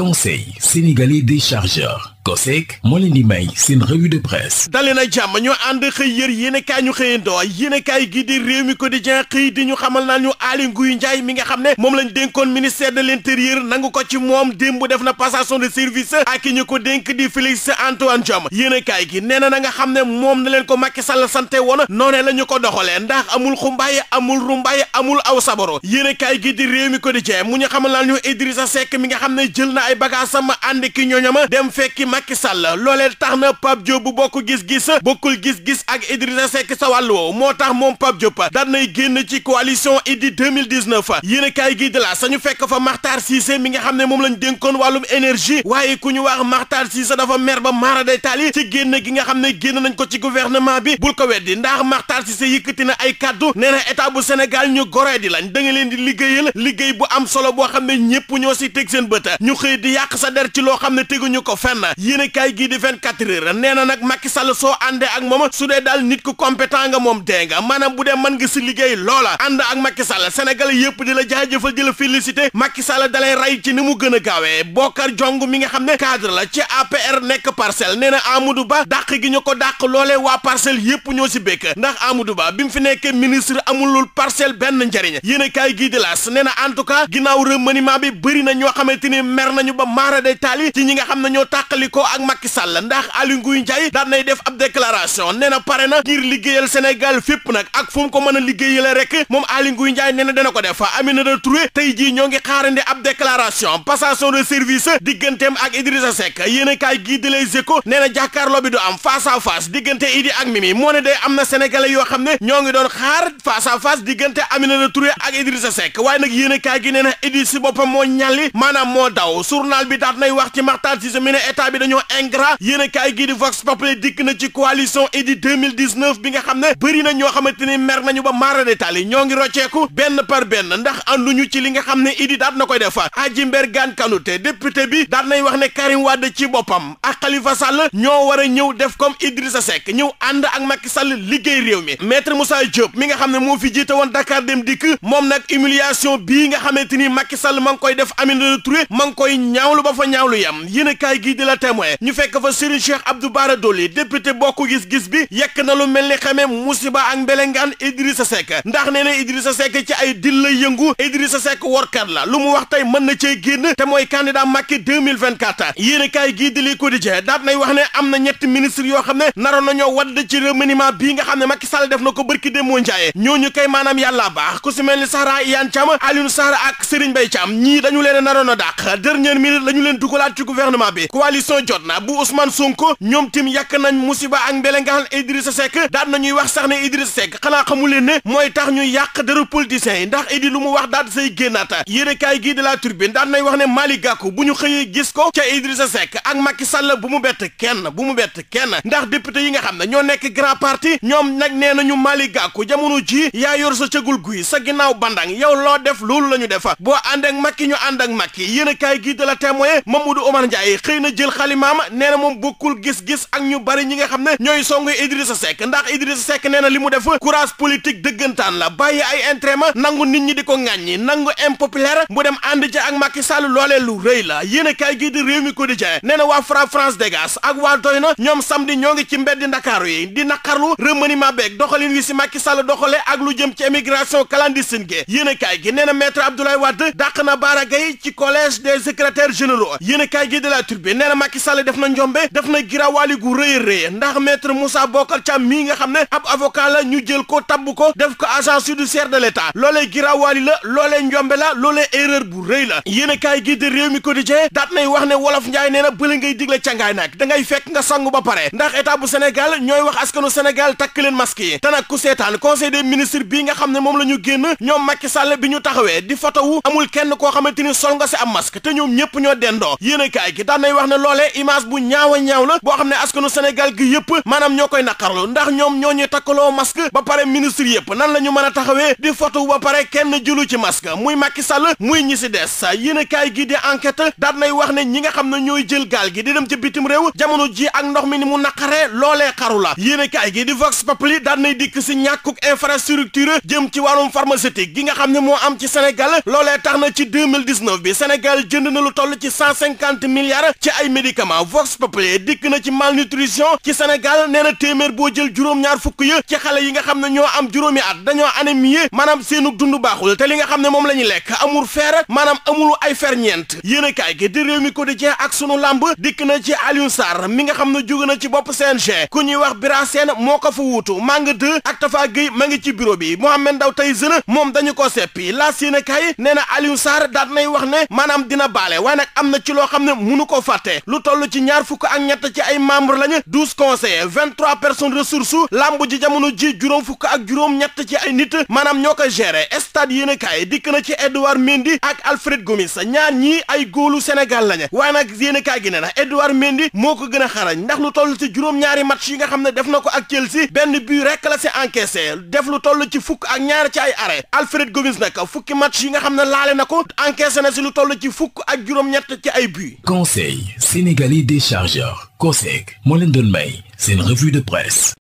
conseil sénégalais des chargeurs COSEC moo leen di may de presse dali na jàmm ñu ànd xëy yër yéenekaay ñu xëyandoo yéenekaay gi di réew mi quotidien xëy di ñu xamal naa ñu Aly Ngouille mi nga xam ne moom lañ dénkoon ministère de l'intérieur nangu ko ci moom démb def na passation de service ak ñu ko dénk di Félix Antoine Diome yéenekaay gi nee na na nga xam ne moom na leen ko Macky Sall sante woon noonee la ñu ko doxalee ndax amul xumbaaye amul rumbaay amul aw saboro yéenekaay gi ay bagaasam ànd ki ñooñama dem fekki Macky Sall loolee tax na Pape Diop bu bokk gis-gis bokkul gis-gis ak Idrissa Seck sa wàll woowu moo tax moom Pape Diop daan nay génn ci coalition Idy 2019 yéen a kaay gi de la sañu fekk fa Makhtar Cissé mi nga xam ne moom lañ dénkoon wàllum énergie waaye ku ñu wax Makhtar Cissé dafa mer ba maara day taali ci génn gi nga xam ne génn nañ ko ci gouvernement bi bul ko weddi ndax Makhtar Cissé ti na ay kaddu nee na état bu Sénégal ñu goree di lañ da nga leen di liggéeyal liggéey bu am solo boo xam ne ñëpp ñoo si teg seen bët ñu xëy nit di yàq sa der ci loo xam ne teguñu ko fenn yéen a kaay gii di 24 heures nee na nag Macky Sall soo àndee ak moom su dee daal nit ku compétent nga moom dee nga maanaam bu dee man nga si liggéey loola ànd ak Macky Sall Sénégal yëpp di la jaajëfal di la félicité Macky Sall dalay ci ni mu gën a gaawee Bokar Jong mi nga xam ne cadre la ci APR nekk parcelle nee na Amadou Ba dàq gi ñu ko dàq loole waa parcelle yëpp ñoo si békk ndax Amadou Ba bi mu fi nekkee ministre amulul parcelle a kaay en tout cas ginnaaw na ñoo xamante ni mer nañu nañu ba maara day taali ci ñi nga xam na ñoo tàqalikoo ak Macky Sall ndax Aly Ngouille Ndiaye daan def ab déclaration nee na pare na ngir liggéeyal Sénégal fépp nag ak fu mu ko mën a liggéeyale rek moom Aly Ngouille Ndiaye nee na dana ko def Aminata Touré tey jii ñoo ngi xaarandi ab déclaration passation de service digganteem ak Idrissa Seck yéen a kaay gii di Les nee na jàkkaarloo bi du am face à face diggante Idi ak Mimi moo ne yoo xam ne ñoo ngi doon xaar face à face diggante Aminata Touré waaye nag yéen a kaay gi nee na Idi si boppam moo ñàlli maanaam moo daw journal bi daat nay wax ci Makhtar Cissé mi ne état bi dañoo ingrat yéen a kaay gii di Vox Populi dikk na ci coalition Idy bi nga xam ne bëri na ñoo xamante ni mer nañu ba maara détaal yi ñoo ngi rocceeku benn par benn ndax ànduñu ci li nga xam ne Idy daat na koy def Adji Mbergane Kanouté député bi daat nay wax ne Karim Wade ci boppam ak Khalifa Sall ñoo war a ñëw def comme Idrissa Seck ñëw ànd ak Macky Sall liggéey réew mi maître Moussa Diop mi nga xam ne moo fi jiite woon Dakar dem dikk moom nag humiliation nga xamante ni Macky Sall ma ngi koy def Aminata Touré ma ngi koy ñaawlu ba fa ñaawlu yam yéen kaay gi di la ñu fekk fa Serigne Cheikh Abdou Bara Dolly député bokk gis-gis bi yekk na lu mel ni xamee musiba ak mbelengaan Idrissa Seck ndax nee na Idrissa Seck ci ay dil la yëngu Idrissa Seck workat la lu mu wax tey mën na cee génn te mooy candidat Macky 2024 yéen kaay gii di Le Quotidien daat nay wax ne am na ñetti ministre yoo xam ne naroon nañoo wadd ci remaniement bii na ko bërki démoo Ndiaye ñooñu kay maanaam yàlla baax ku si mel ni Sahara Iyane Thiam Alioune Sarr ak Serigne Mbaye Thiam dernière minute la ñu leen dugalaat ci gouvernement bi coalition jot na bu Ousmane Sonko ñoom tim yàq nañ musiba ak mbelengaan Idrissa Seck daan i wax sax ne Idrissa Seck xanaa xamu leen ne mooy tax ñu yàq dara politiciens yi ndax Idi lu mu wax daal say génnaata yéene kaay gii de la Tribune daan nay wax ne Malick Gakou bu ñu xëyee gis ko ca Idrissa Seck ak Macky Sall bu mu bett kenn bu mu bett kenn ndax député yi nga xam ne ñoo nekk grand parti ñoom nag nee nañu la ñu def boo ànd ak Macky ñu de la témoin Mamadou Omar Ndiaye xëy na jël xalimaam nee moom bokkul gis-gis ak ñu bari ñi nga xam ne ñooy songu Idrissa Seck ndax Idrissa Seck nee na li mu def courage politique dëggantaan la bàyyi ay intérêt nangu nit ñi di ko ŋàññi nangu impopulaire mu dem ànd ja ak Macky Sall lu rëy la yéen a kaay gii di réew mi quotidien nee na waa Fra France Dégage ak waa doy na ñoom samedi ñoo ngi ci mbeddi Ndakaaru yi di naqarlu remaniement beeg doxalin wi si a secrétaire généraux yéen a kaay gi de la Tribune nee na Macky Sall def na njombe def na girawaali gu rëy rëy ndax maître Moussa Bokar Thiam mii nga xam ne ab avocat la ñu jël ko tabb ko def ko agent judiciaire de l'État loolee girawaali la loolee njombe la loolee erreur bu rëy la yéen a kaay gi de réew mi quotidien daat wax ne wolof Njaay nee na bële ngay digle cangaay nag da ngay fekk nga sangu ba pare ndax état bu Sénégal ñooy wax askanu Sénégal takk leen masque yi te nag ku seetaan conseil des ministres nga xam ne moom la ñu génn ñoom Macky Sall bi ñu taxawee di fotowu amul kenn koo xamante ni sol nga si am masque te ñëpp ñoo dendoo yéen a kaay gi daan nay wax ne loolee image bu ñaaw a ñaaw la boo xam ne askanu Sénégal gi yëpp maanaam ñoo koy naqarlu ndax ñoom ñoo ñuy takkaloo masque ba pare ministre yëpp nan la ñu mën a taxawee di fotu ba pare kenn julu ci masque muy Macky Sall muy ñi si des yéen a kaay gi di enquête daan nay wax ne ñi nga xam ne ñooy jël gaal gi di dem ci bitim réew jamono ji ak ndox mi ni mu naqaree loolee xarula la yéen kaay gi di Vox Populi daan nay dikk si ñàkkuk infrastructure jëm ci wàllum pharmaceutique gi nga xam ne moo am ci Sénégal loolee tax na ci 2019 bi Sénégal jënd na lu lu ci cent cinquante milliards ci ay médicaments Vox Populi dikk na ci malnutrition ci Sénégal nee na téeméer boo jël juróom-ñaar fukk ya ci xale yi nga xam ne ñoo am juróomi at dañoo anémie maanaam seenu dund baaxul te li nga xam ne moom la ñu lekk amul fer maanaam amulu ay fer ñeent yéen a gi di réew mi quotidien ak sunu lamb dikk na ci Alioune Sarr mi nga xam ne jóge na ci bopp CNG ku ñuy wax Bira Sène moo ko fa wuutu Manga 2 ak Tafa Gueye ma ngi ci bureau bi Mohamed Ndao Tyson moom dañu ko seppi laas yéen a nee na Alioune Sarr daat nay wax ne maanaam dina baale waaye am na ci loo xam ne munu ko fàtte lu toll ci ñaar fukk ak ñett ci ay membre lañu douze conseillers vingt trois personnes ressources lamb ji jamono ji juróom fukk ak juróom ñett ci ay nit maanaam ñoo ko gérer stade yéen a kaay dikk na ci Edouard Mendy ak Alfred Gomis ñaar ñii ay góolu Sénégal lañu waaye nag yéen a kaay gi ne na Edouard Mendy moo ko gën a xarañ ndax lu toll ci juróom-ñaari mat yi nga xam ne def na ko ak si benn but rek la si encaissé lu toll ci fukk ak ñaar ci ay arrêt Alfred Gomis nag fukki match yi nga xam ne laale na ko encaissé na si lu toll ci fukk ak juróom-ñett ci ay buts. conseil sénégalais des chargeurs COSEC moo leen doon may seen revue de presse.